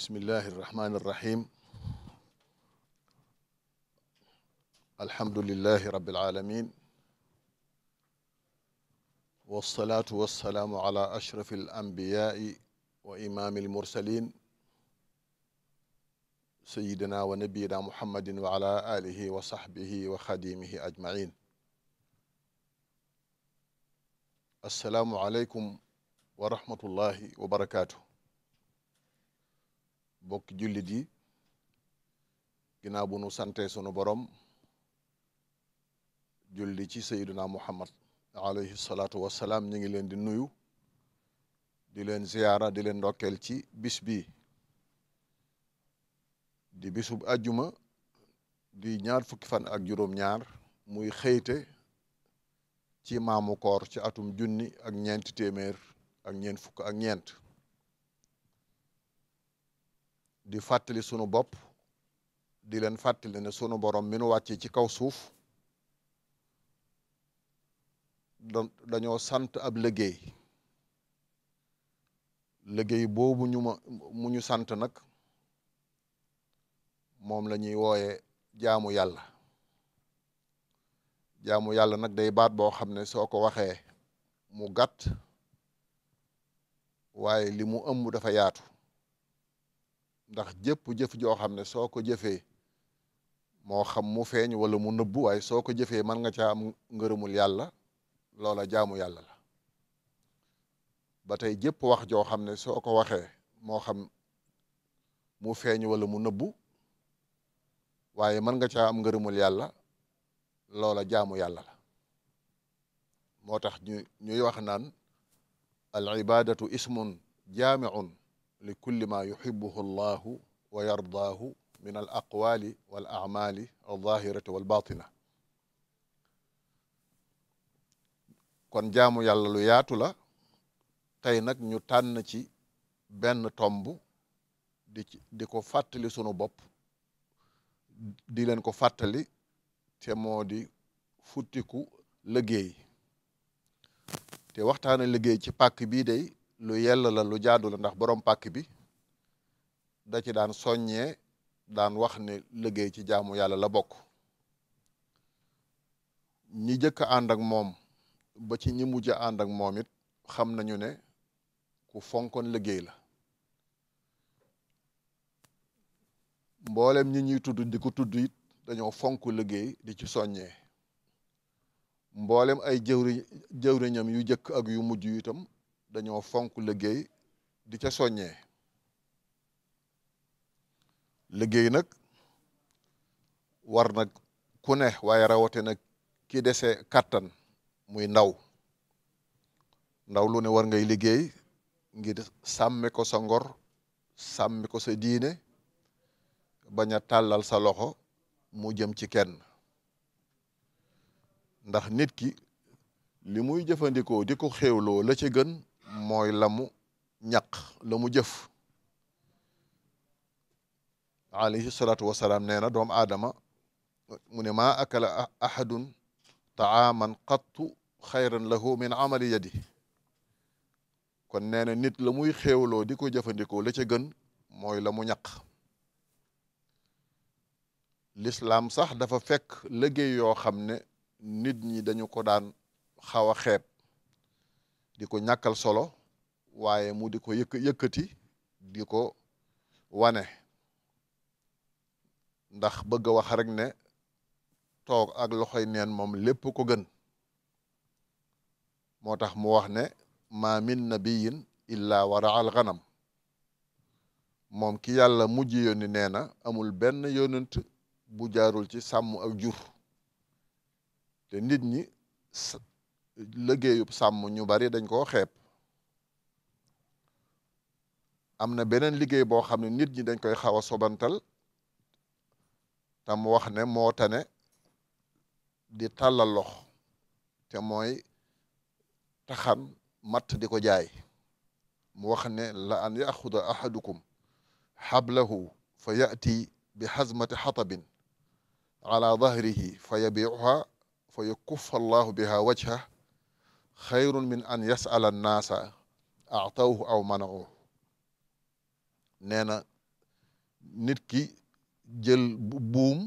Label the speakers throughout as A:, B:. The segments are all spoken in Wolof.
A: bismillahi irrahmani irrahim alhamdulilahi rabilalamin walsalaatu walsalaamu ala ashrafi alambiyai wa imaami almursalin sayidina wa nabiyina muhammadin wa ala alihi wa sahbihi wa xadimihi ajmain assalaamu aleykum wa rahmatullahi wa barakatuh bokk jullit yi ginnaaw bu nu sante sunu borom julli ci sayyiduna muhammad alayhi salaatu wassalaam ñu ngi leen di nuyu di leen ziyaara di leen ndokkeel ci bis bi di bisub ajuma di ñaar fukki fan ak juróom-ñaar muy xëyte ci maamu koor ci atum junni ak ñeenti téeméer ak ñeent fukk ak ñeent di fàttali sunu bopp di leen fàttali ne sunu borom mi nu wàccee ci kaw suuf dañoo sant ab liggéey liggéey boobu ñu ma mu ñu sant nag moom la ñuy wooye jaamu yàlla jaamu yàlla nag day baat boo xam ne soo ko waxee mu gàtt waaye li mu ëmb dafa yaatu ndax jëpp jëf joo xam ne soo ko jëfee moo xam mu feeñ wala mu nëbbu waaye soo ko jëfee mën nga caa am ngërëmul yàlla loola jaamu yàlla ba tey jëpp wax joo xam ne soo ko waxee moo xam mu feeñ wala mu nëbbu waaye mën nga caa am ngërëmul yàlla loola jaamu yàlla moo tax ñu ñuy wax naan al ibadatu ismun jaamiun li kulli ma yuhibbuhu allahu wa yardaahu min al aqwali wal amali alzahirati wal batina kon jaamu yàlla lu yaatu la tey nag ñu tànn ci benn tomb di di ko fàttali sunu bopp di leen ko fàttali te moo di futtiku liggéey te waxtaana liggéey ci pàkk bii day lu yell la lu jaadu la ndax borom pàkk bi da ci daan soññee daan wax ne liggéey ci jaamu yàlla la bokk ñi jëkk ànd moom ba ci ñi mujj ànd ak moom it xam nañu ne ku fonkoon liggéey la mboolem ñi ñuy tudd di tudd it dañoo fonk liggéey di ci soññee mboolem ay jëwriñam yu jëkk ak yu mujj itam dañoo fonk liggéey di ca soññee liggéey nag war nag ku ne waaye rawate nag ki dese kàttan muy ndaw ndaw lu ne war ngay liggéey ngir sàmme ko sa ngor sàmmi ko sa diine bañ a tàllal sa loxo mu jëm ci kenn ndax nit ki li muy jëfandikoo di ko xéewloo la ci gën mooy lamu ñaq la mu jëf alayhi salaatu wasalaam nee na doomu aadama mu ne maa akala ahadun taaman qattu xayran lahu min amali yadi kon neena nit la muy xéewloo di ko jëfandikoo la ca gën mooy la mu ñaq lislaam sax dafa fekk liggéey yoo xam ne nit ñi dañu ko daan xaw a xeeb di ko ñàkkal solo waaye mu di ko yëkk yëkkati di ko wane ndax bëgg a wax rek ne toog ak loxoy neen moom lépp ko gën moo tax mu wax ne mamin min nabiyin illa waraal xanam moom ki yàlla mujj yónni nee na amul benn yonent bu jaarul ci sàmm ak jur te nit ñi liggéeyub sàmm ñu bari dañ koo xeeb am na beneen liggéey boo xam ne nit ñi dañ koy xaw a ta mu wax ne moo di tàllal lox te mooy taxan matt di ko jaay mu wax ne la an yaxuda xablahu fa yati bi xazmati xatabin ala dahrihi fa yabiuha fa yakuffa allahu biha wajhah xayrun min an yasala annaasa atawhu aw manauhu nee na nit ki jël buum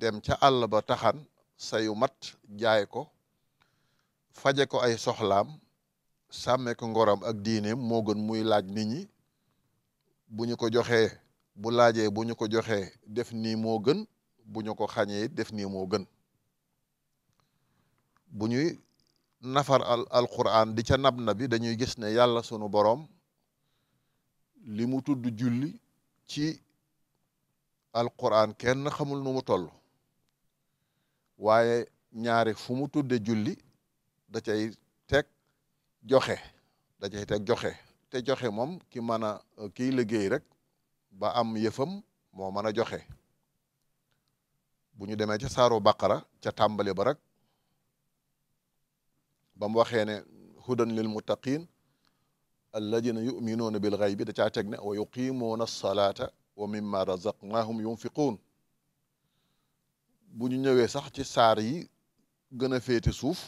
A: dem ca àll ba taxan sayu mat jaay ko faje ko ay soxlaam sàmme ko ngoram ak diineem moo gën muy laaj nit ñi bu ñu ko joxee bu laaje bu ñu ko joxee def nii moo gën bu ñu ko xañee def ni moo gën bu ñuy nafar al alquran di ca nab na bi dañuy gis ne yàlla sunu boroom limu mu tudd julli ci alquran kenn xamul numu mu toll waaye ñaari fu tudde julli da cay teg joxe da cay teg joxe te joxe moom ki mën a kiy liggéey rek ba am yëfam moo mën a joxe bu ñu demee ca saaro baqara ca tàmbali ba rek ba mu waxee ne hudan lil muttaqin alladina yuminuuna bil ghaybi da caa teg ne wa yuqimuuna alsalaata wa mimma razaqnahum ñu ñëwee sax ci saar yi gën a féete suuf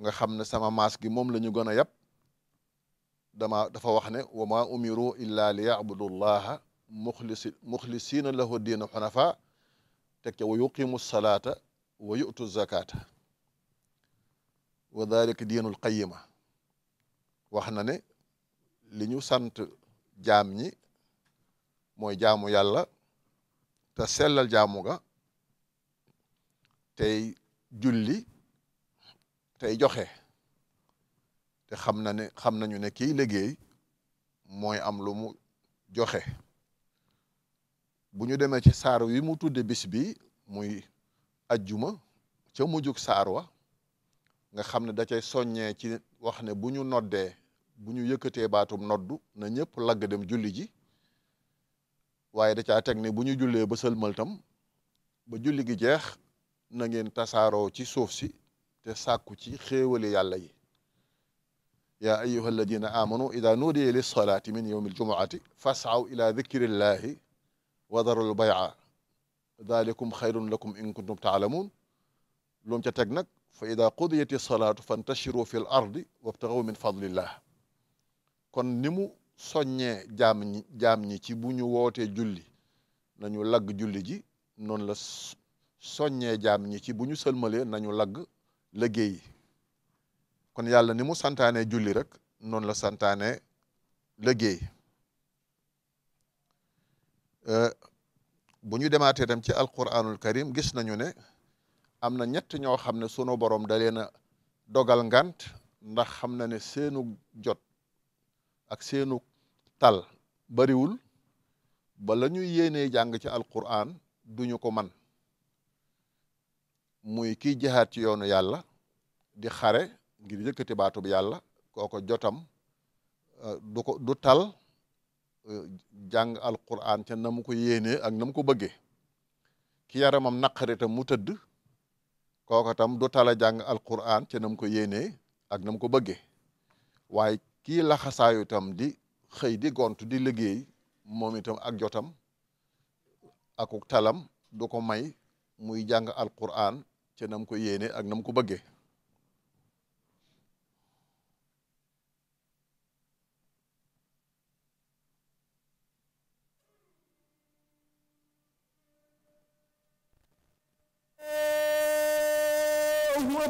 A: nga xam ne sama maas gi moom la ñu gën a yàpp dama dafa wax ne wa ma umiru illa li yabudu llaha muxlisi muxlisina lahu diina xunafa teg ca wa yuqimu salaata wa yutu wa dalika diinul kayima wax na ne li ñu sant jaam ñi mooy jaamu yàlla te sellal jaamu ga tey julli tey joxe te xam na ne xam nañu ne kii liggéey mooy am lu mu joxe bu ñu demee ci saar wi mu tudde bis bi muy ajjuma ca mujjug saar wa nga xam ne da cay soññee ci wax ne bu ñu noddee bu ñu yëkkatee baatum noddu na ñëpp lagg dem julli ji waaye da caa teg ne bu ñu jullee ba sëlmal tam ba julli gi jeex na ngeen tasaaroo ci suuf si te sàkku ci xéewali yàlla yi yaa ayyuha alladina amanu ida nuudiya lis salaati min yawmi aljumuati fasaw ila dikrillahi wa darul bay'a xayrun lakum in kuntum taalamuun lu ca teg nag fa ida qudiyat salaatu fantashiru fi l ardi wabtaxaw min fadlillah kon nimu mu soññee jaam ñi ci bu ñu wootee julli nañu lagg julli ji noonu la soññee jaam ñi ci bu ñu sëlmalee nañu lagg liggéey yi kon yàlla nimu mu santaane julli rek noonu la santaane liggéey euh, bu ñu demaatee tam ci alquranul karim gis nañu ne am na ñett ñoo xam ne sunu borom da leen a dogal ngant ndax xam na ne seenu jot ak seenu tal bariwul bala la ñuy yéenee jàng ci alquran duñu ko man muy kiy jihaat ci yoonu yàlla di xare ngir yëkkati baatub yàlla kooko jotam euh, du ko du tal euh, jàng alquran ca na mu ko yéenee ak na mu ko bëggee ki yaramam naqare tam mu tëdd kooka tam du tala jàng alquran ca nam ko yéenee ak nam ko bëggee waaye kii laxasaayu tam di xëy di gont di liggéey moom itam ak jotam akuk talam du ko may muy jàng alquran ca nam ko yéenee ak nam ko bëggee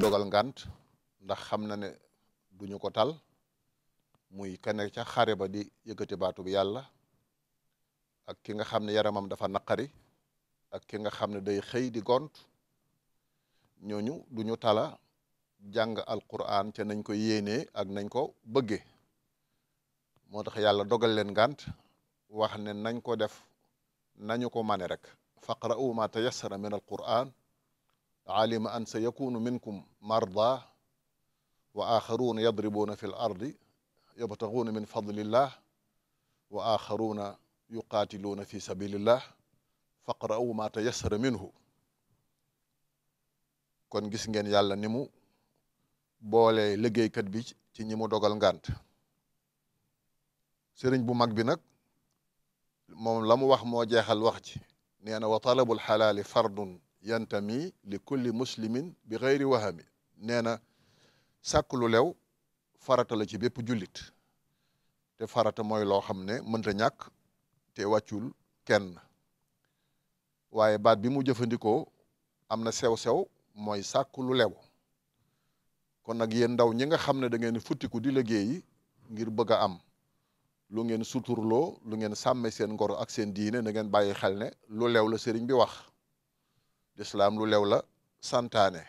A: dogal ngant ndax xam na ne duñu ko tal muy kane ca xare ba di yëkkati baatu bi yàlla ak ki nga xam ne yaramam dafa naqari ak ki nga xam ne day xëy di gont ñooñu duñu tala jàng alquran te nañ ko yéenee ak nañ ko bëgge moo tax yàlla dogal leen ngant wax ne nañ ko def nañu ko mane rek faqra'u ma tayassara min alquran alima an sa yakunu minkum marda wa axaruuna yadribuuna fi l ardi yabtaxuuna min fadlillah wa axaruuna yuqaatiluuna fi sabilillah faqra'u ma tayassara minhu kon gis ngeen yàlla ni mu boolee liggéeykat bi ci ñi mu dogal ngànt sëriñ bu mag bi nag moom la mu wax moo jeexal wax ci nee na wa talabul xalaali fardun yantami li kulli muslimin bi xayri wahami nee na sàkk lu lew farata la ci bépp jullit te farata mooy loo xam ne mënta ñàkk te wàccul kenn waaye baat bi mu jëfandikoo am na sew-sew mooy sàkk lu lew kon nag yéen ndaw ñi nga xam ne dangeen ngeen futtiku di liggéeyi ngir bëgg a am lu ngeen suturloo lu ngeen sàmme seen ngor ak seen diine na ngeen bàyyi xel ne lu lew la sëriñ bi wax lislaam lu lew la santaane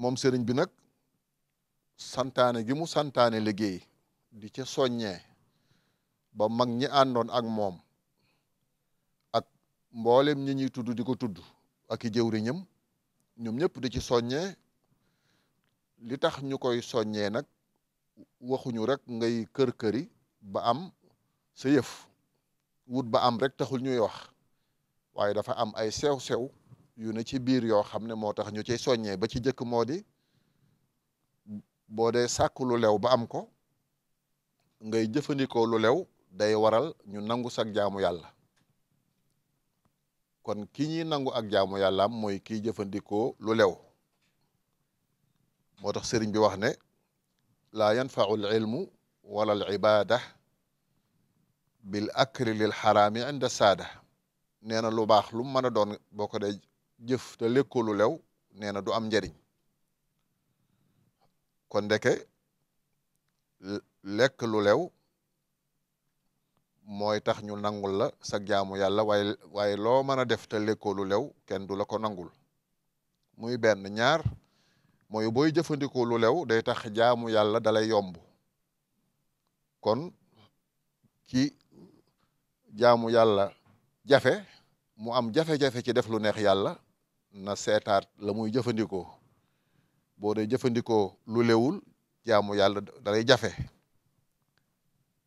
A: moom sëriñ bi nag santaane gi mu santaane liggéey di ca soññee ba mag ñi àndoon ak moom ak mboolem ñi ñuy tudd di ko tudd ak i jëwriñam ñoom ñëpp di ci soññee li tax ñu koy soññee nag waxuñu rek ngay kër-këri ba am sa yëf wut ba am rek taxul ñuy wax waaye dafa am ay sew-sew yu ne ci biir yoo xam ne moo tax ñu ciy soññee ba ci jëkk moo di boo dee sàkk lu lew ba am ko ngay jëfandikoo lu lew day waral ñu nangu sag jaamu yàlla kon ki ñuy nangu ak jaamu yàllaam mooy kiy jëfandikoo lu lew moo tax sëriñ bi wax ne laa yanfau l ilmu wala al ibada bil akli lil xaraami inda saada nee na lu baax lu mu mën a doon boo ko dee jëf te lu lew nee na du am njariñ kon ndeke lekk lu lew mooy tax ñu nangul la sa jaamu yàlla waaye waaye loo mën a def te lekkoo lu lew kenn du la ko nangul muy benn ñaar mooy booy jëfandikoo lu lew day tax jaamu yàlla dalay yomb kon ki jaamu yàlla jafe mu am jafe-jafe ci def lu neex yàlla na seetaat la muy jëfandikoo boo dee jëfandikoo lu lewul jaamu yàlla dalay jafe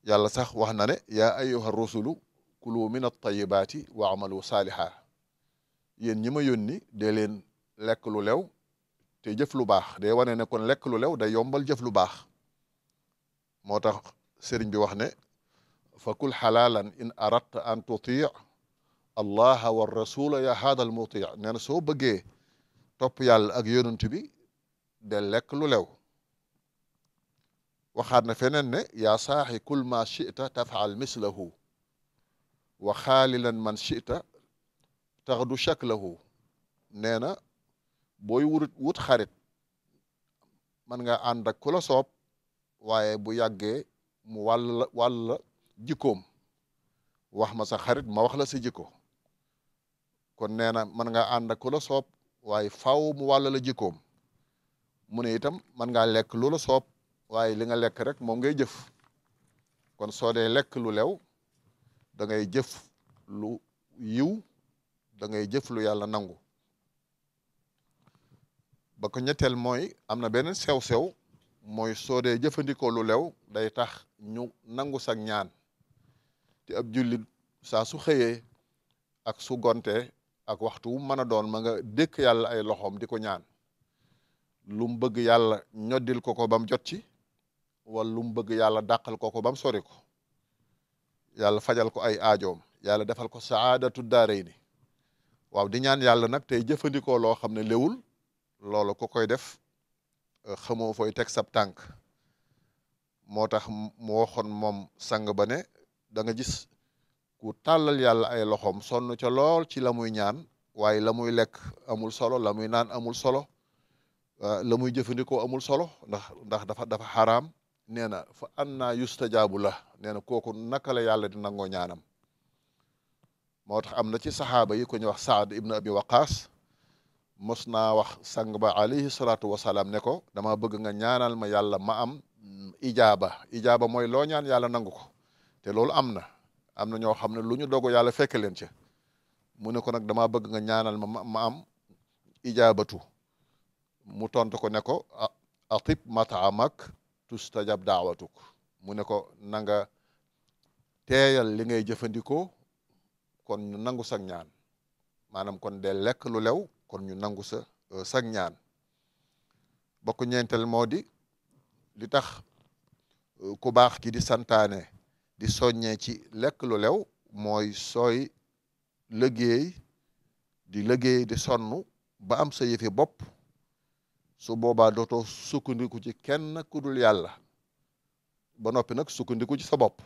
A: yàlla sax wax na ne yaa ayyuha rusulu kulu min at-tayyibaati wa amalu saaliha yéen ñi ma yónni dee leen lekk lu lew te jëf lu baax day wane ne kon lekk lu lew day yombal jëf lu baax moo tax sëriñ bi wax ne fa kul xalaalan in aradta an tuti allaha wa rasula ya haada al mutia nee na soo bëggee topp yàlla ak yonent bi de lekk lu lew waxaat na feneen ne yaa saaxi kul ma chita tafaal mislahu wa xaalilan man chita taxdu shaklahu nee na booy wut wut xarit man nga ànd ak ku la soob waaye bu yàggee mu wàll wàll jikkoom wax ma sa xarit ma wax la sa jikko kon nee na mën ngaa ànd ak ku la soob waaye faw mu wàll la jikkoom mu ne itam mën ngaa lekk lu la soob waaye li nga lekk rek moom ngay jëf kon soo dee lekk lu lew da ngay jëf lu yiw da ngay jëf lu yàlla nangu ba ko ñetteel mooy am na beneen sew-sew mooy soo dee jëfandikoo lu lew day tax ñu nangu sag ñaan te ab jullit saa su xëyee ak su gontee ak waxtu wu mën a doon ma nga dëkk yàlla ay loxoom di ko ñaan lum bëgg yàlla ñoddil ko ko ba mu jot ci wala lu bëgg yàlla dàqal ko ko ba mu sori ko yàlla fajal ko ay aajoom yàlla defal ko saadatu daaray ni waaw di ñaan yàlla nag tey jëfandikoo loo xam ne léwul loolu ko koy def euh, xamoo fooy teg sab tànk moo tax mu waxoon moom sang ba ne da gis ku tàllal yàlla ay loxoom sonn ca lool ci la muy ñaan waaye la muy lekk amul solo la muy naan amul solo euh, la muy jëfandikoo amul solo ndax ndax dafa dafa xaraam nee na fa anna yustajaabu la nee na naka la yàlla di nangoo ñaanam moo tax am na ci saxaaba yi ku ñuy wax saad ibn abi waqaas mos naa wax sang ba alayhi salaatu wasalaam ne ko dama bëgg nga ñaanal ma yàlla ma am ijaaba ijaaba mooy loo ñaan yàlla nangu ko te loolu am am na ñoo xam ne lu ñu dogu yàlla fekk leen ca mu ne ko nag damaa bëgg nga ñaanal ma ma am ijaabatu mu tontu ko ne ko atib mataamak tustajab daawatuk mu ne ko na nga teeyal li ngay jëfandikoo kon ñu nangu sag ñaan maanaam kon de lekk lu lew kon ñu nangu sa euh, sag ñaan bokk ñeentel moo di li tax euh, ku baax ki di santaane di soññee ci lekk lu lew mooy sooy liggéey di liggéey di sonn ba am sa yëfi bopp su boobaa dootoo sukkandiku ci kenn ku dul yàlla ba noppi nag sukkandiku ci sa bopp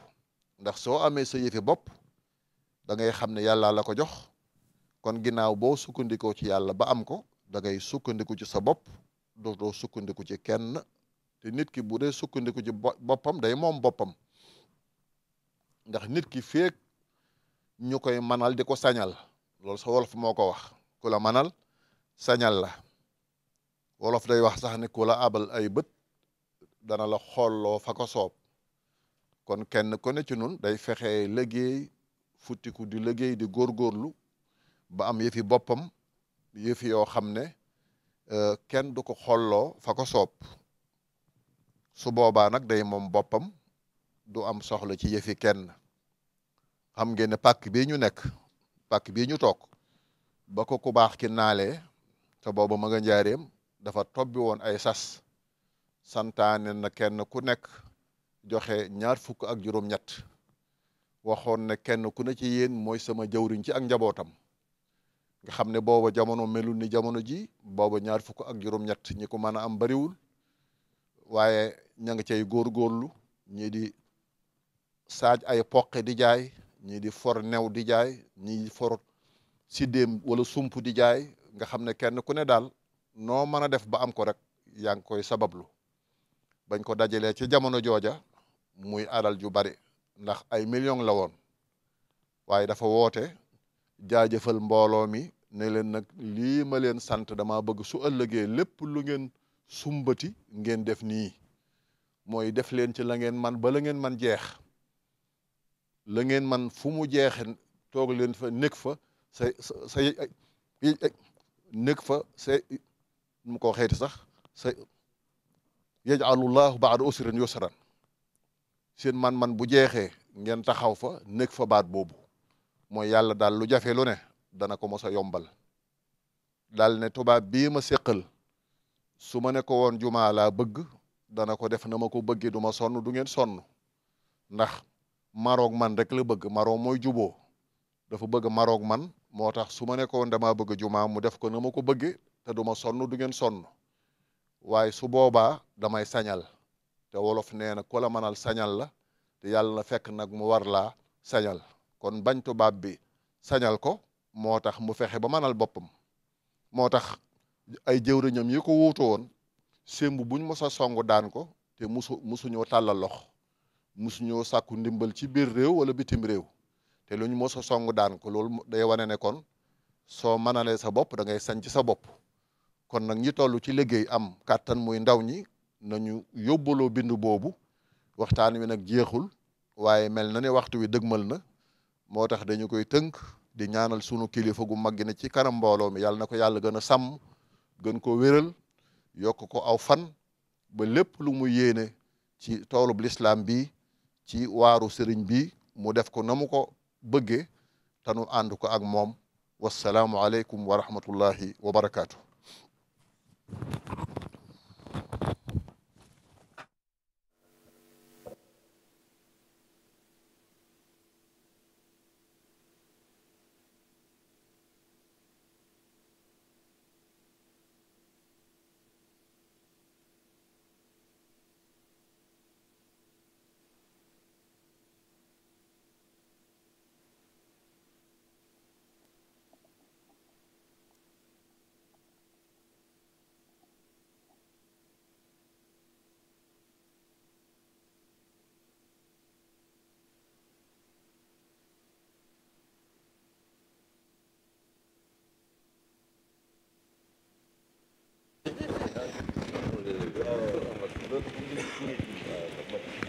A: ndax soo amee sa yëfi bopp dangay xam ne yàlla la ko jox kon ginnaaw boo sukkandiku ci yàlla ba am ko da ngay sukkandiku ci sa bopp dootoo sukkandiku ci kenn te nit ki bu dee sukkandiku ci boppam day moom boppam ndax nit ki feek ñu koy manal di ko sañal loolu sa wolof moo ko wax ku manal sañal la wolof day wax sax ne ku la abal ay bët dana la xolloo fa ko soob kon kenn ku ne ci nun day fexe liggéey futtiku di liggéey di góorgóorlu ba am yëfi boppam yëfi yoo xam ne euh, kenn du ko xolloo fa ko soob su boobaa nag day moom boppam du am soxla ci yëfi kenn xam ngeen ne pàkk bii ñu nekk pak bii ñu toog ba ko ku baax ki naalee te booba ma nga njaareem dafa tobbi woon ay sas nen na kenn ku nekk joxe ñaar fukk ak juróom-ñett waxoon ne kenn ku ne ci yéen mooy sama jawriñ ci ak njabootam nga xam ne booba jamono melul ni jamono ji booba ñaar fukk ak juróom-ñett ñi ko mën a am bariwul waaye ña nga cay góorgóorlu ñii di saaj ay poqe di jaay ñii di for new di jaay ñii for siddéem wala sump di jaay nga xam ne kenn ku ne daal noo mën a def ba am ko rek yaa ngi koy sabablu bañ ko dajalee ci jamono jooja muy alal ju bari ndax ay million la woon waaye dafa woote jaajëfal mbooloo mi ne leen nag lii leen sant dama bëgg su ëllëgee lépp lu ngeen sumbati ngeen def nii mooy def leen ci la ngeen man ba ngeen man jeex la ngeen man fu mu jeexe toog leen fa nekk fa sa sa nekk fa sa mu ko xeeti sax sa yajalullahu baada usrin yusran seen man-man bu jeexee ngeen taxaw fa nekk fa baat boobu mooy yàlla daal lu jafe lu ne dana ko mos a yombal daal ne tubaab bii ma seqal su ma ne ko woon jumaa laa bëgg dana ko def na ma ko bëggee du ma sonn du ngeen sonn ndax maroog man rek la bëgg maroo mooy juboo dafa bëgg maroog man moo tax su ma nekkoon damaa bëgg jumaa mu def ko na ma ko bëggee te du ma sonn du ngeen sonn waaye su boobaa damay sañal te wolof nee na ku la mënal sañal la te yàlla na fekk nag mu war laa sañal kon bañ tubaab bi sañal ko moo tax mu fexe ba manal boppam moo tax ay jëwriñam yi ko wuutu woon sémb buñ mos song daan ko te musu musuñoo tàllal lox musuñoo sàkku ndimbal ci biir réew wala bitim réew te lu ñu mos a song daan ko loolu day wane ne kon soo mënalee sa bopp da ngay sañ sa bopp kon nag ñi toll ci liggéey am kàttan muy ndaw ñi nañu yóbbaloo bind boobu waxtaan wi nag jeexul waaye mel na ne waxtu wi dëgmal na moo tax dañu koy tënk di ñaanal sunu kilifa gu mag ne ci kanam mbooloo mi yàlla na ko yàlla gën a sàmm gën ko wéral yokk ko aw fan ba lépp lu mu yéene ci toolub lislaam bi ci waaru sëriñ bi mu def ko na mu ko bëgge te nu ànd ko ak moom wasalaamualeykum wa rahmatullahi wa barakaatu.
B: bët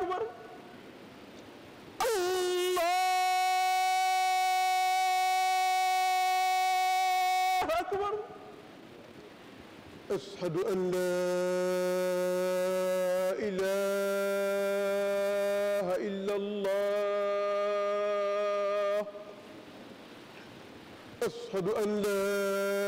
C: akbar allahu
B: akbar ashhadu an laa ilaha
C: illa allah ashhadu an laa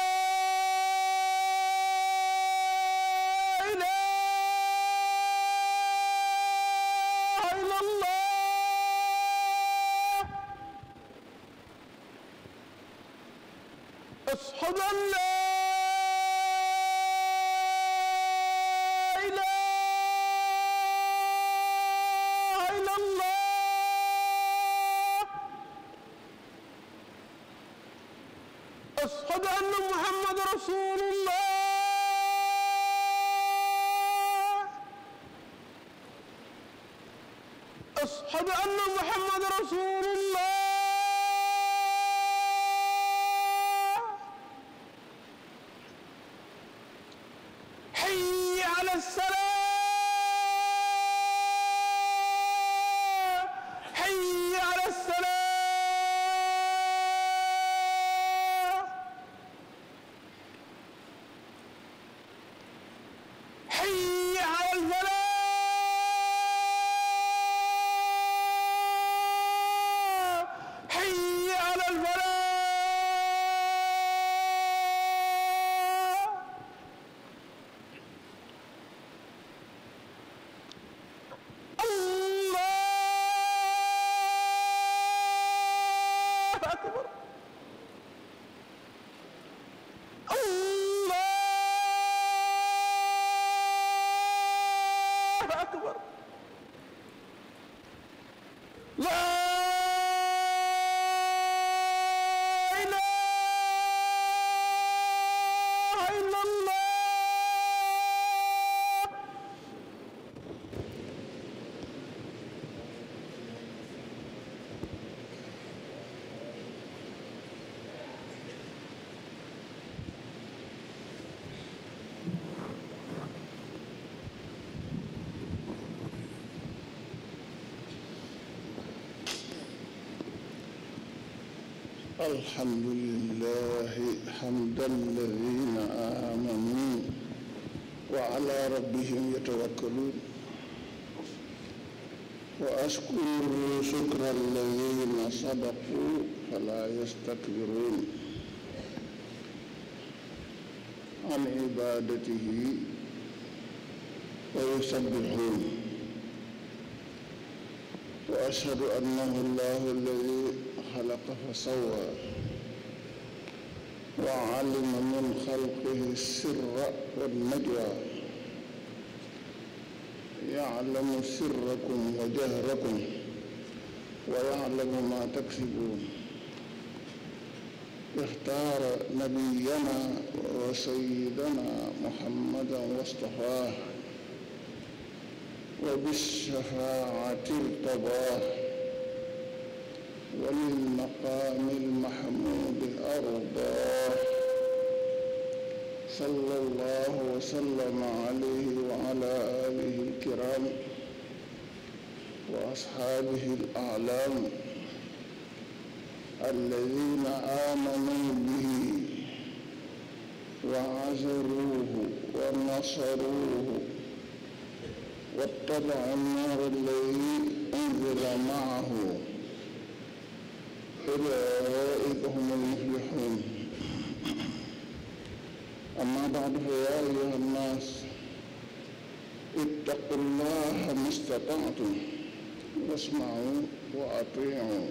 C: akbar laa
D: الحمد لله حمد الذين آمنوا وعلى ربهم يتوكلون وأشكر شكر الذين صدقوا فلا يستكبرون عن عبادته ويسبحون وأشهد أنه الله الذي خلقه فسوى وعلم من خلقه السر والنجوى يعلم سركم وجهركم ويعلم ما تكسبون اختار نبينا وسيدنا محمدا واصطفاه وبالشفاعة ارتضاه وللمقام المحمود أرضاه صلى الله وسلم عليه وعلى آله الكرام وأصحابه الأعلام الذين آمنوا به وعزروه ونصروه واتبعوا النور الذي أنزل معه أولئك هم المفلحون أما بعد فيا أيها الناس اتقوا الله ما استطعتم واسمعوا وأطيعوا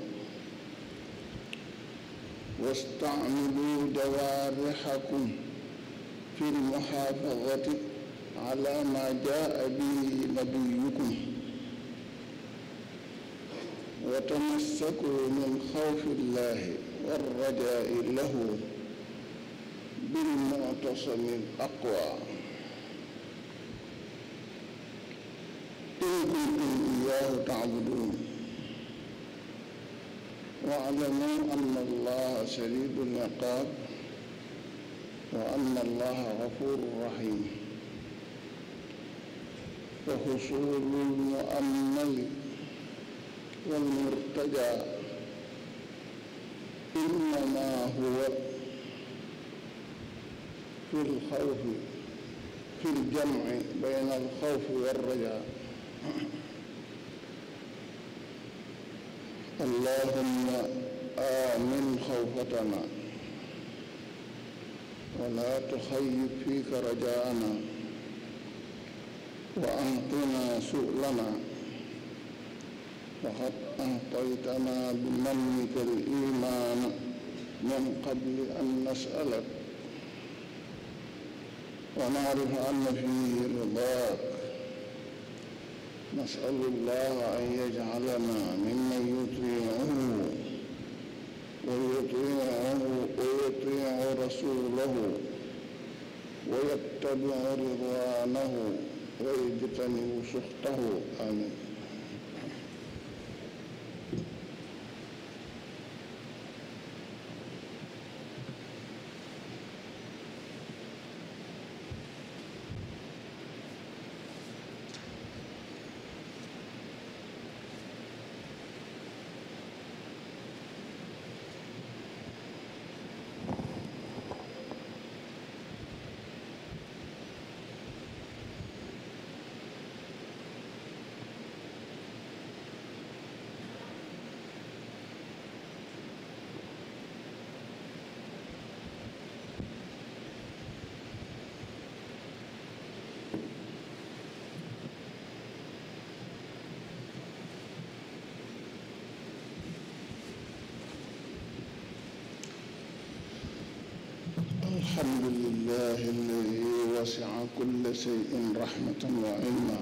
D: واستعملوا جوارحكم في المحافظة على ما جاء به نبيكم وتمسكوا من خوف الله والرجاء له بالمعتصم الأقوى إن كنتم إياه تعبدون واعلموا أن الله شديد العقاب وأن الله غفور رحيم وحصول المؤمل ومن ارتدى إنما هو في الخوف في الجمع بين الخوف والرجاء اللهم آمن خوفتنا ولا تخيب فيك رجاءنا وأنقنا سؤلنا فقد أعطيتنا بمنك الإيمان من قبل أن نسألك ونعرف أن فيه رضاك نسأل الله أن يجعلنا ممن يطيعه ويطيعه ويطيع رسوله ويتبع رضوانه ويجتنب سخطه آمين الحمد لله الذي وسع كل شيء رحمة وعلما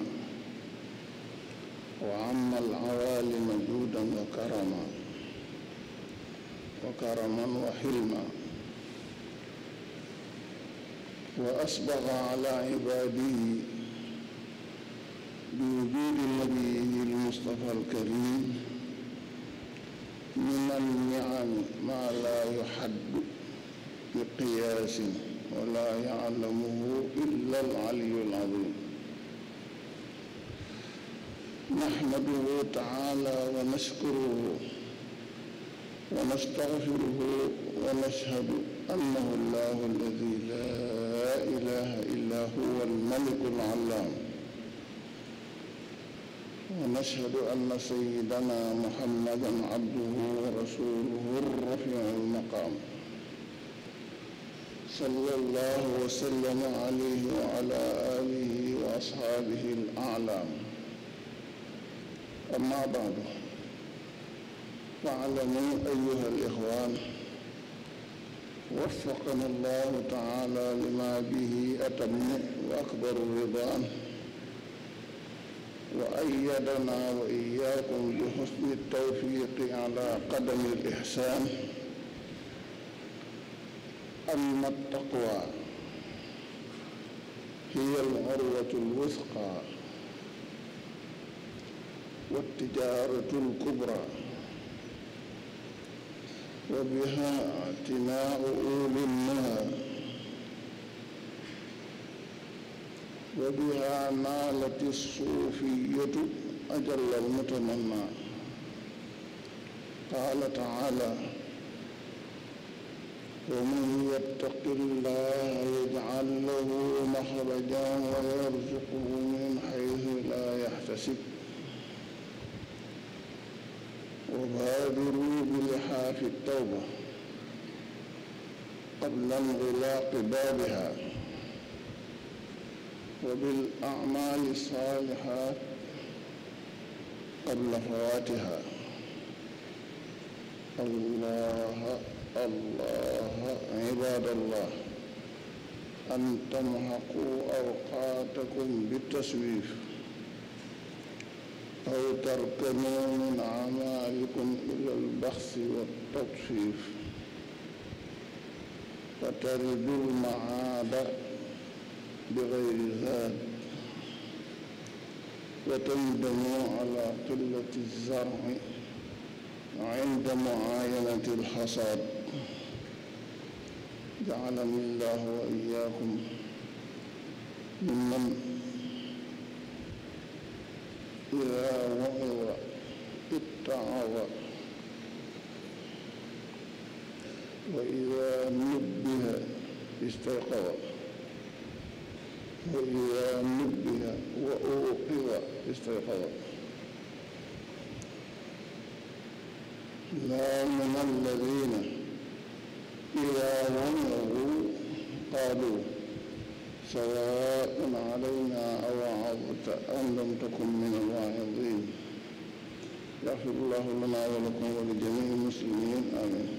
D: وعم العوالم جودا وكرما وكرما وحلما وأسبغ على عباده بوجود نبيه المصطفى الكريم من النعم ما لا يحد بقياس ولا يعلمه إلا العلي العظيم نحمده تعالى ونشكره ونستغفره ونشهد أنه الله الذي لا إله إلا هو الملك العلام ونشهد أن سيدنا محمدا عبده ورسوله الرفيع المقام sallallahu wa sallam alayhi wa ala alihi wa ashaabihi al-a'laam amma ba'du fa'lamu ayyuha al-ikhwaan waffaqana allahu ta'ala lima bihi atammu wa akbaru ridaan وأيدنا وإياكم بحسن التوفيق على قدم الإحسان أما التقوى هي العروة الوثقى والتجارة الكبرى وبها اعتناء أولي النهى وبها نالت الصوفية أجل المتمنى قال تعالى ومن يتق الله يجعل له مخرجا ويرزقه من حيث لا يحتسب وبادروا بلحاف التوبة قبل انغلاق بابها وبالأعمال الصالحات قبل فواتها الله الله عباد الله أن تمحقوا أوقاتكم بالتسويف أو تركنوا من أعمالكم إلى البحث والتطفيف فتردوا المعاد بغير ذات وتندموا على قلة الزرع عند معاينة الحصاد جعلني الله وإياكم ممن إذا وعظ اتعظ وإذا نبه استيقظ وإذا نبه وأوقظ استيقظ لا من الذين إلى يوم قالوا سواء علينا أوعظت أم لم تكن من الواعظين يغفر الله لنا ولكم ولجميع المسلمين آمين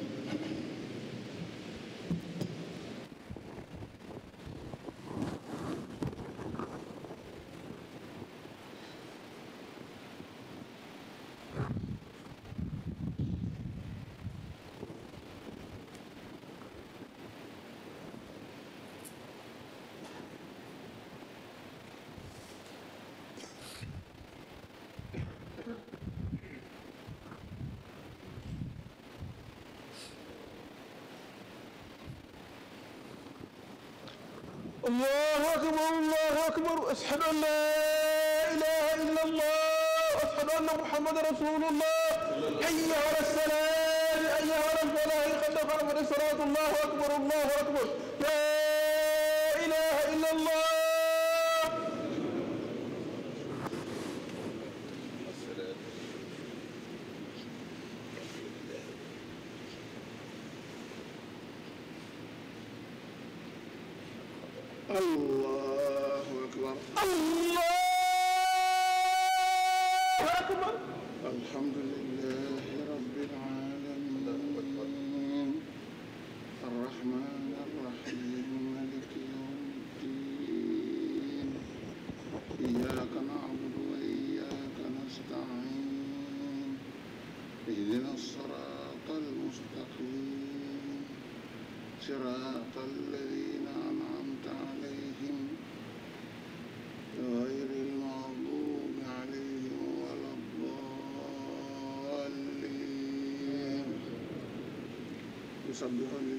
C: الله أكبر الله أكبر أشهد أن لا إله إلا الله أشهد أن محمد رسول الله حي على السلام حي على الفلاح قد قامت الصلاة الله أكبر الله أكبر لا إله إلا الله
D: sabbuhan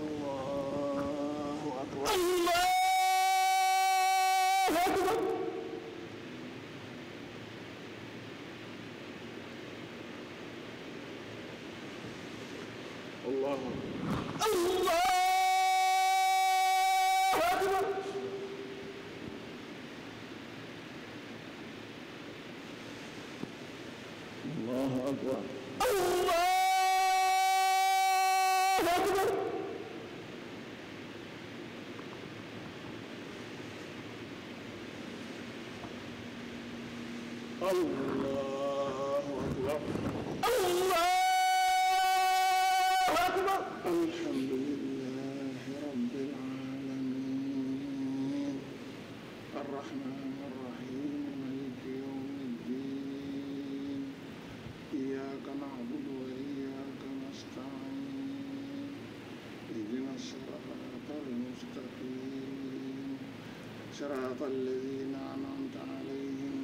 D: borom Tuubaa Allahu akbar Allah صراط الذين أنعمت عليهم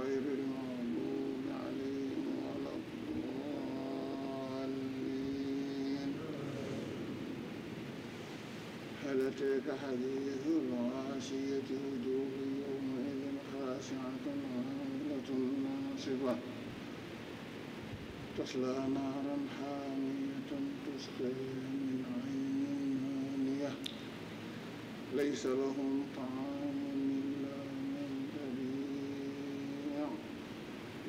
D: غير المغضوب عليهم ولا الضالين هل أتاك حديث الغاشية وجوه يومئذ خاشعة عاملة ناصبة تصلى نارا حامية تسقي من عين آنية ليس لهم طعام إلا من ضريع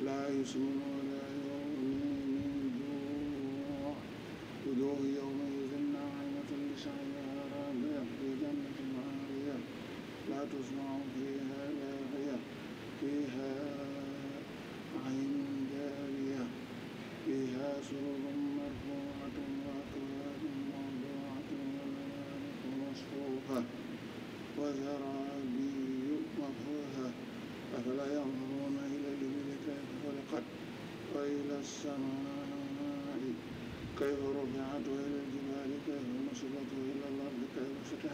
D: لا يسمن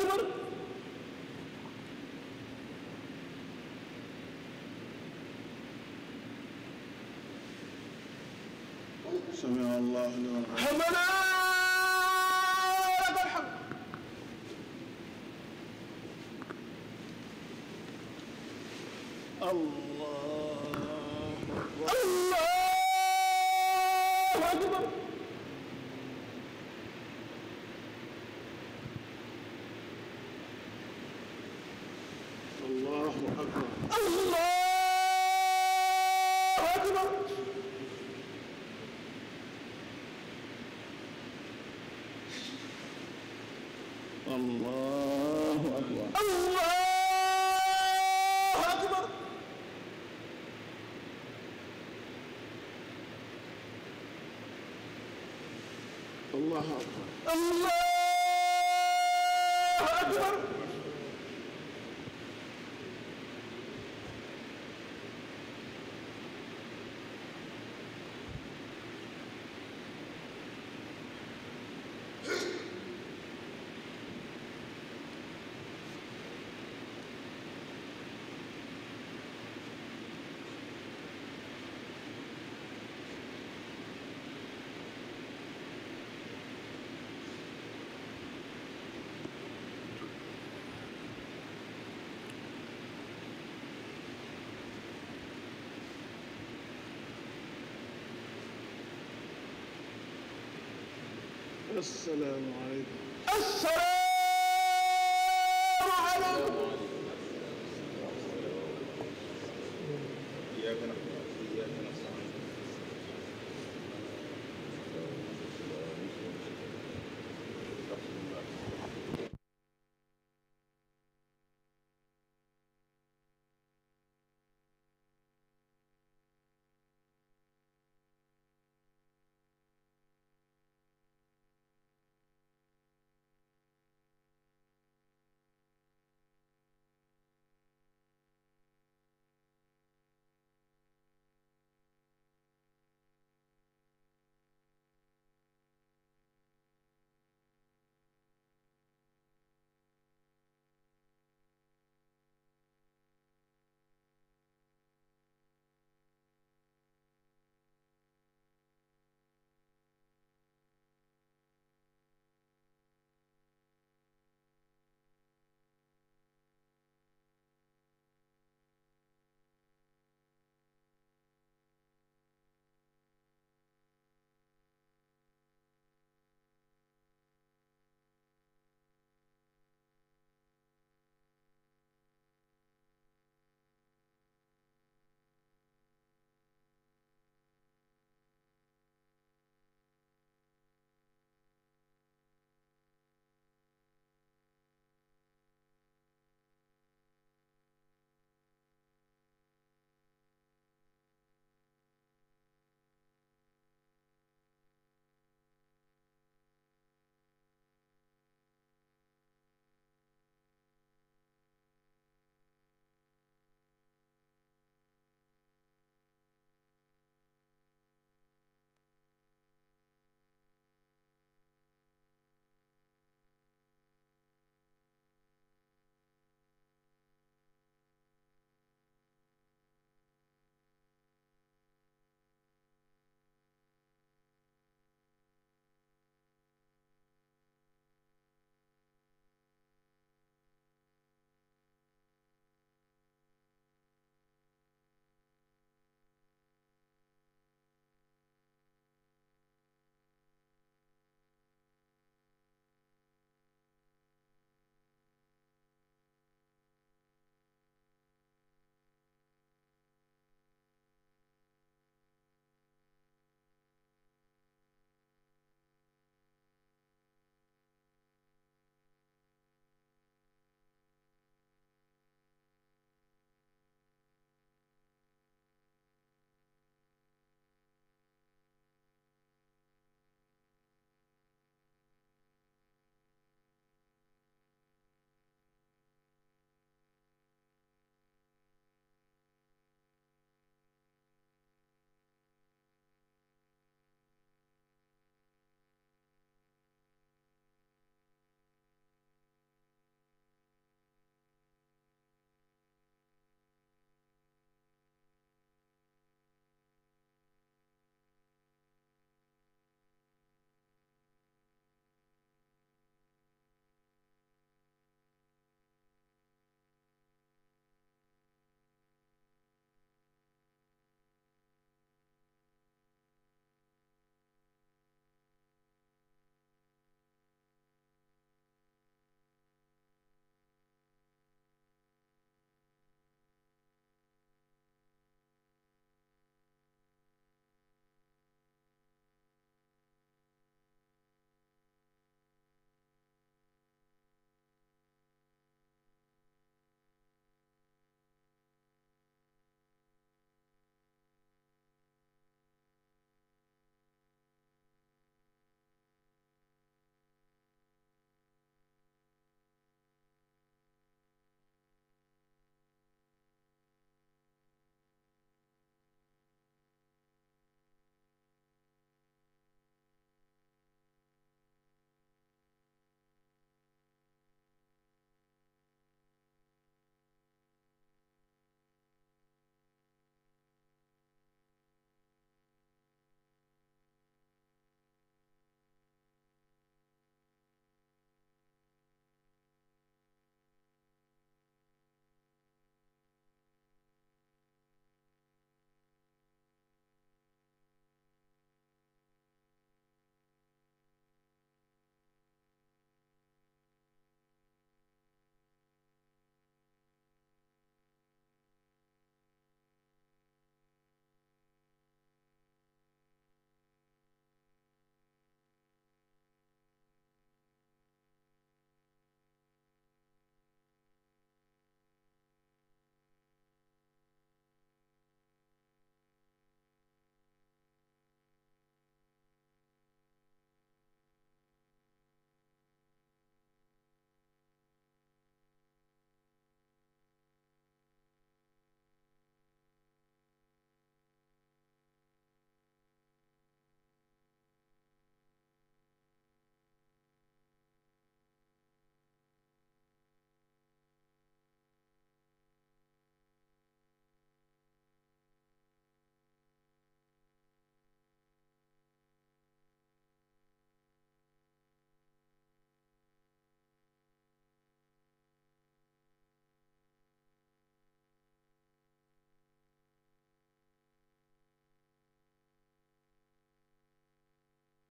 D: akbar sami allah liman
C: الله
B: أكبر
D: asalaamaaleykum.
C: asalaamaaleykum.